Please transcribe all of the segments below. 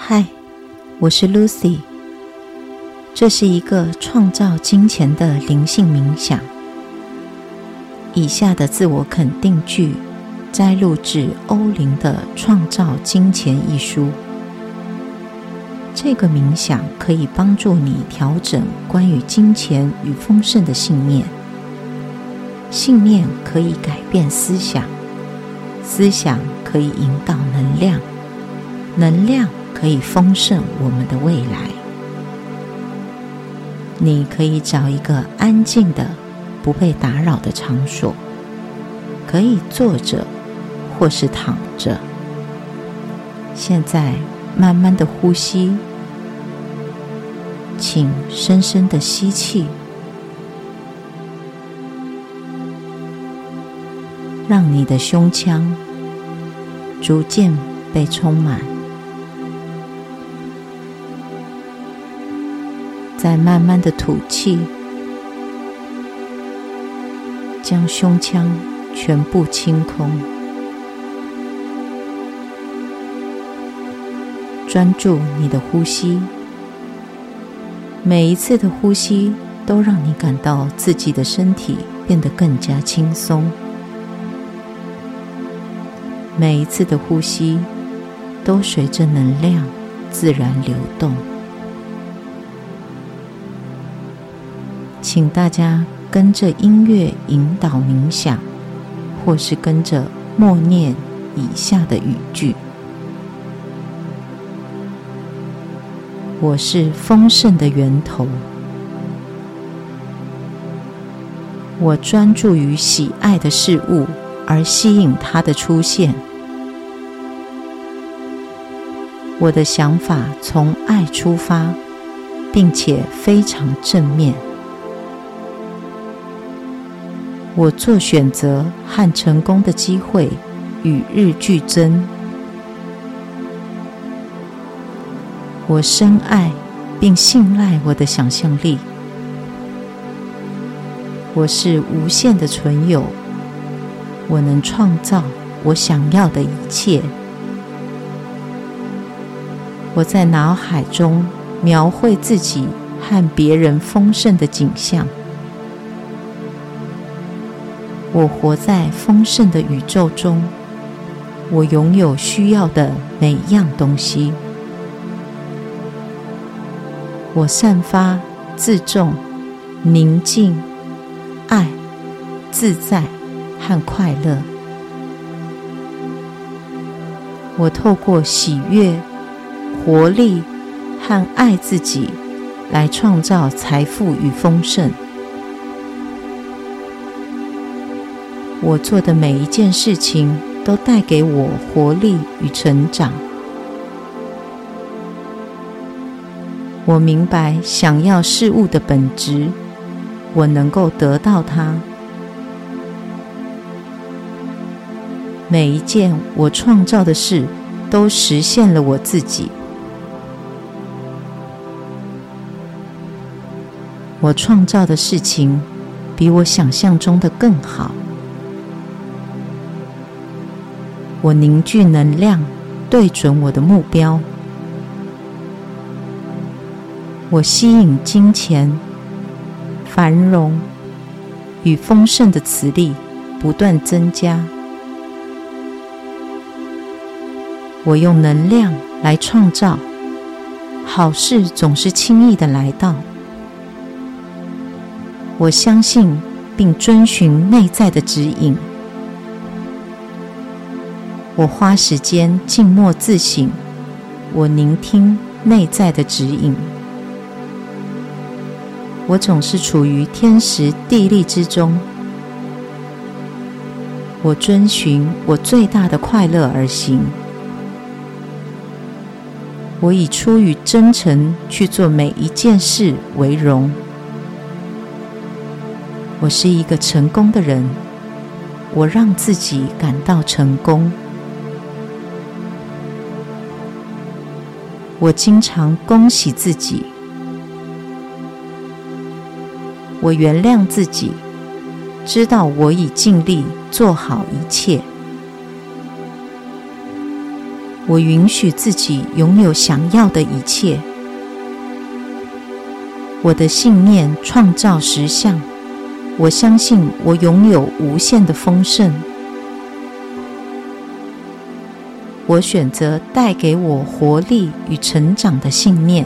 嗨，Hi, 我是 Lucy。這是一個創造金錢的靈性冥想。以下的自我肯定句摘錄自歐林的《創造金錢》一書。這個冥想可以幫助你調整關於金錢與豐盛的信念。信念可以改變思想，思想可以引導能量，能量，可以豐盛我們的未來。你可以找一個安靜的、不被打擾的場所，可以坐着或是躺着現在慢慢的呼吸，請深深的吸氣，讓你的胸腔逐漸被充滿。再慢慢的吐氣，將胸腔全部清空，專注你的呼吸。每一次的呼吸都讓你感到自己的身體變得更加輕鬆，每一次的呼吸都隨着能量自然流動。請大家跟着音樂引導冥想，或是跟着默念以下的語句：我是豐盛的源頭，我專注於喜愛的事物而吸引它的出現，我的想法從愛出發，並且非常正面。我做選擇和成功的機會與日俱增。我深愛並信賴我的想象力。我是無限的存有。我能創造我想要的一切。我在腦海中描繪自己和別人豐盛的景象。我活在豐盛的宇宙中，我擁有需要的每樣東西。我散發自重、寧靜、愛、自在和快樂。我透過喜悅、活力和愛自己，來創造財富與豐盛。我做的每一件事情都帶給我活力與成長。我明白，想要事物的本質，我能夠得到它。每一件我創造的事，都實現了我自己。我創造的事情，比我想象中的更好。我凝聚能量，對準我的目標。我吸引金錢、繁榮與豐盛的磁力不斷增加。我用能量來創造，好事總是輕易的來到。我相信並遵循內在的指引。我花時間靜默自省，我聆聽內在的指引，我總是處於天時地利之中，我遵循我最大的快樂而行，我以出於真誠去做每一件事為榮，我是一個成功的人，我讓自己感到成功。我經常恭喜自己，我原諒自己，知道我已盡力做好一切，我允許自己擁有想要的一切，我的信念創造實相，我相信我擁有無限的豐盛。我選擇帶給我活力與成長的信念。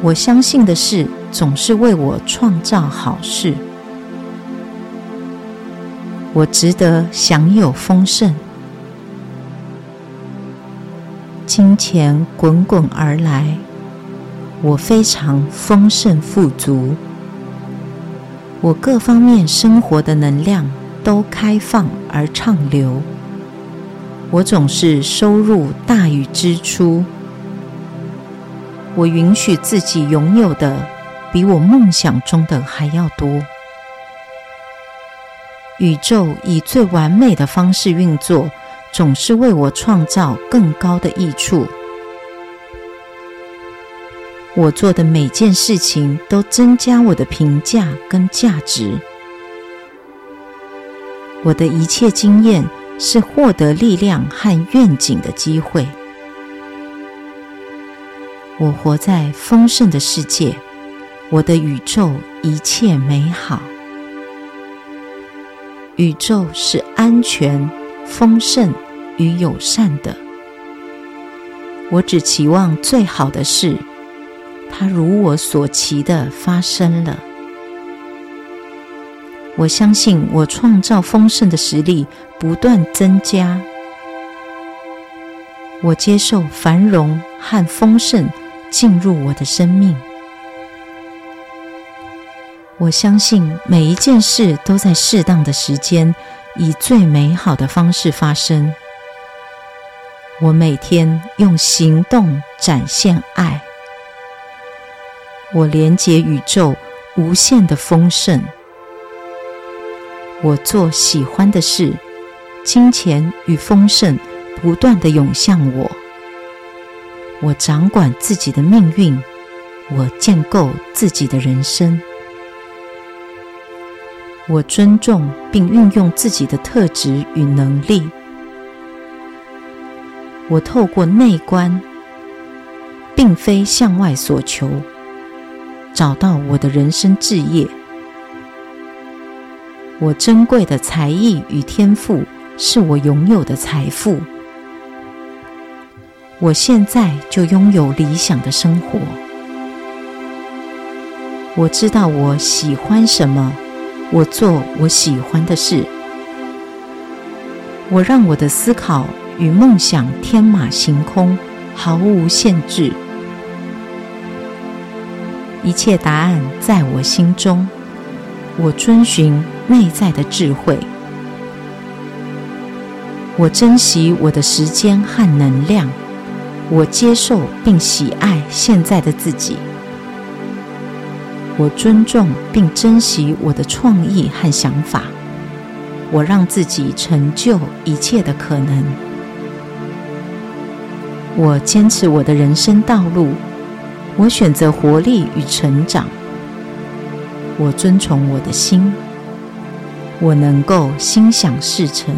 我相信的事，總是為我創造好事。我值得享有豐盛，金錢滾滾而來。我非常豐盛富足，我各方面生活的能量都開放而暢流。我總是收入大於支出。我允許自己擁有的比我夢想中的還要多。宇宙以最完美的方式運作，總是為我創造更高的益處。我做的每件事情都增加我的評價跟價值。我的一切經驗。是獲得力量和願景的機會。我活在豐盛的世界，我的宇宙一切美好。宇宙是安全、豐盛與友善的。我只期望最好的事，它如我所期的發生了。我相信我創造豐盛的實力不斷增加。我接受繁榮和豐盛進入我的生命。我相信每一件事都在適當的時間以最美好的方式發生。我每天用行動展現愛。我連接宇宙無限的豐盛。我做喜歡的事，金錢與豐盛不斷地湧向我。我掌管自己的命運，我建構自己的人生。我尊重並運用自己的特質與能力。我透過內觀，並非向外所求，找到我的人生志業。我珍貴的才藝與天賦是我擁有的財富。我現在就擁有理想的生活。我知道我喜歡什麼，我做我喜歡的事。我讓我的思考與夢想天馬行空，毫無限制。一切答案在我心中，我遵循內在的智慧。我珍惜我的時間和能量。我接受並喜愛現在的自己。我尊重並珍惜我的創意和想法。我讓自己成就一切的可能。我堅持我的人生道路。我選擇活力與成長。我遵從我的心。我能夠心想事成。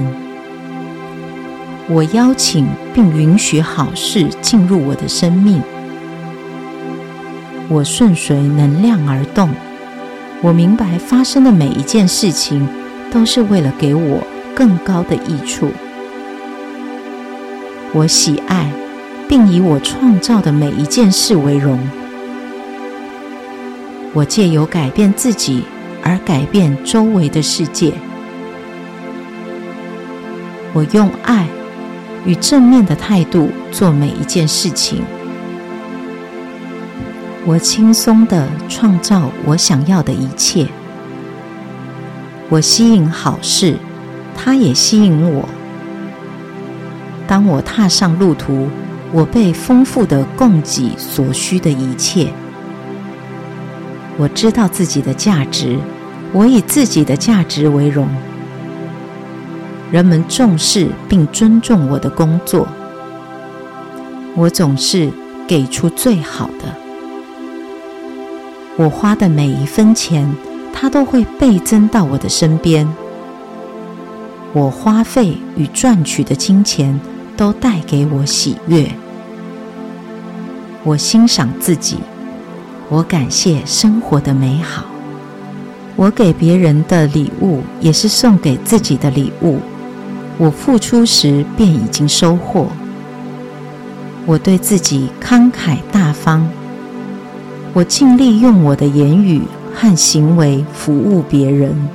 我邀請並允許好事進入我的生命。我順隨能量而動。我明白發生的每一件事情都是為了給我更高的益處。我喜愛並以我創造的每一件事為榮。我借由改變自己，而改變周圍的世界。我用愛與正面的態度做每一件事情。我輕鬆地創造我想要的一切。我吸引好事，它也吸引我。當我踏上路途，我被豐富的供給所需的一切。我知道自己的價值，我以自己的價值為榮。人們重視並尊重我的工作，我總是給出最好的。我花的每一分錢，它都會倍增到我的身邊。我花費與賺取的金錢都帶給我喜悅。我欣賞自己。我感謝生活的美好。我給別人的禮物，也是送給自己的禮物。我付出時便已經收穫。我對自己慷慨大方。我盡力用我的言語和行為服務別人。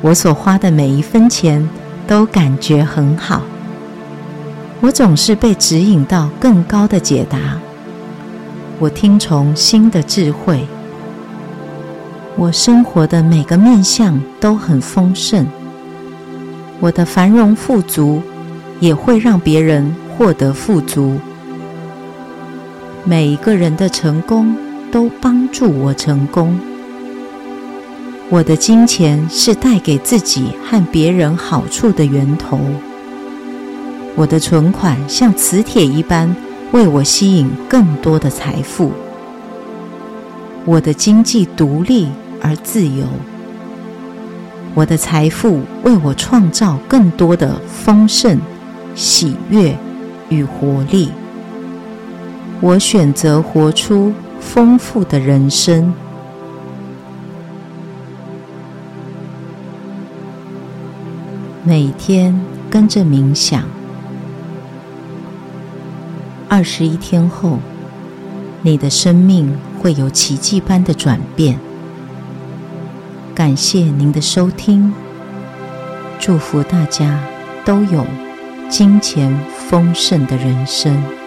我所花的每一分錢都感覺很好。我總是被指引到更高的解答。我聽從心的智慧。我生活的每個面向都很豐盛。我的繁榮富足也會讓別人獲得富足。每一個人的成功都幫助我成功。我的金錢是帶給自己和別人好處的源頭。我的存款像磁鐵一般，為我吸引更多的財富，我的經濟獨立而自由，我的財富為我創造更多的豐盛、喜悅與活力。我選擇活出豐富的人生，每天跟着冥想。二十一天後，你的生命會有奇蹟般的轉變。感謝您的收聽，祝福大家都有金錢豐盛的人生。